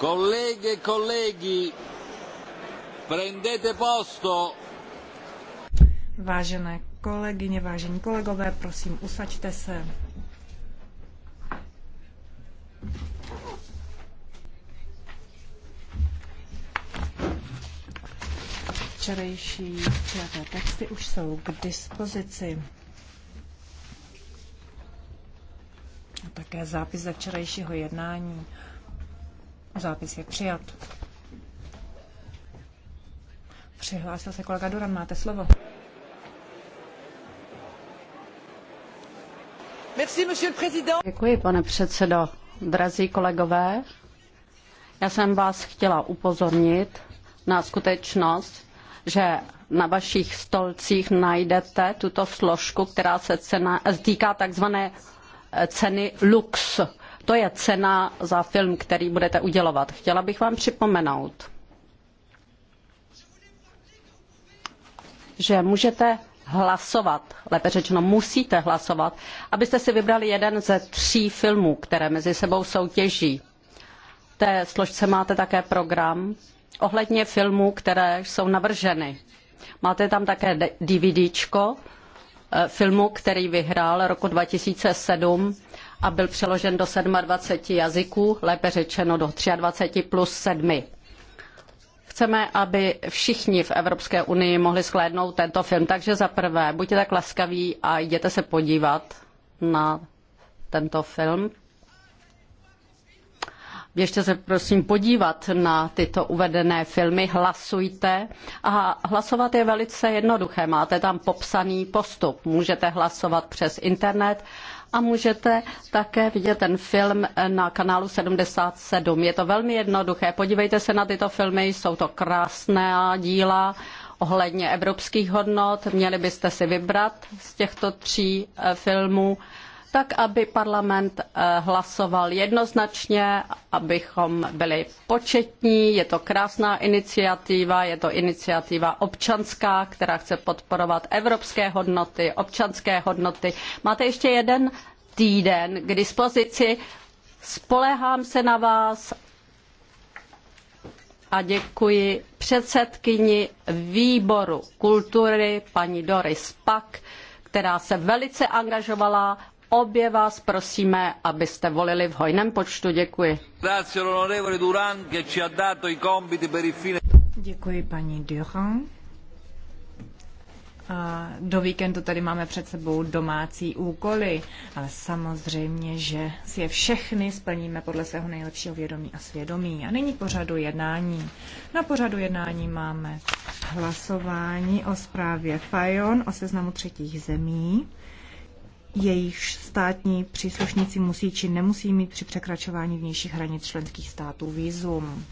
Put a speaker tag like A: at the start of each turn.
A: Colleghe e colleghi, prendete posto.
B: Vážené kolegyně, vážení kolegové, prosím, usaďte se. Včerejší včeré texty už jsou k dispozici. A také zápis ze včerejšího jednání. Zápis je přijat. Přihlásil se kolega Duran, máte slovo.
A: Děkuji, pane předsedo. Drazí kolegové, já jsem vás chtěla upozornit na skutečnost, že na vašich stolcích najdete tuto složku, která se cena, týká takzvané ceny lux to je cena za film, který budete udělovat. Chtěla bych vám připomenout, že můžete hlasovat, lépe řečeno musíte hlasovat, abyste si vybrali jeden ze tří filmů, které mezi sebou soutěží. V té složce máte také program ohledně filmů, které jsou navrženy. Máte tam také DVDčko eh, filmu, který vyhrál roku 2007 a byl přeložen do 27 jazyků, lépe řečeno do 23 plus 7. Chceme, aby všichni v Evropské unii mohli shlédnout tento film, takže za prvé buďte tak laskaví a jděte se podívat na tento film Běžte se prosím podívat na tyto uvedené filmy, hlasujte. A hlasovat je velice jednoduché. Máte tam popsaný postup. Můžete hlasovat přes internet a můžete také vidět ten film na kanálu 77. Je to velmi jednoduché. Podívejte se na tyto filmy, jsou to krásné díla ohledně evropských hodnot. Měli byste si vybrat z těchto tří eh, filmů tak aby parlament eh, hlasoval jednoznačně, abychom byli početní. Je to krásná iniciativa, je to iniciativa občanská, která chce podporovat evropské hodnoty, občanské hodnoty. Máte ještě jeden týden k dispozici. Spolehám se na vás a děkuji předsedkyni výboru kultury paní Doris Pak, která se velice angažovala Obě vás prosíme, abyste volili v hojném počtu. Děkuji. Děkuji paní Durand.
B: A do víkendu tady máme před sebou domácí úkoly, ale samozřejmě, že si je všechny splníme podle svého nejlepšího vědomí a svědomí. A nyní pořadu jednání. Na pořadu jednání máme hlasování o zprávě Fajon o seznamu třetích zemí jejichž státní příslušníci musí či nemusí mít při překračování vnějších hranic členských států vízum.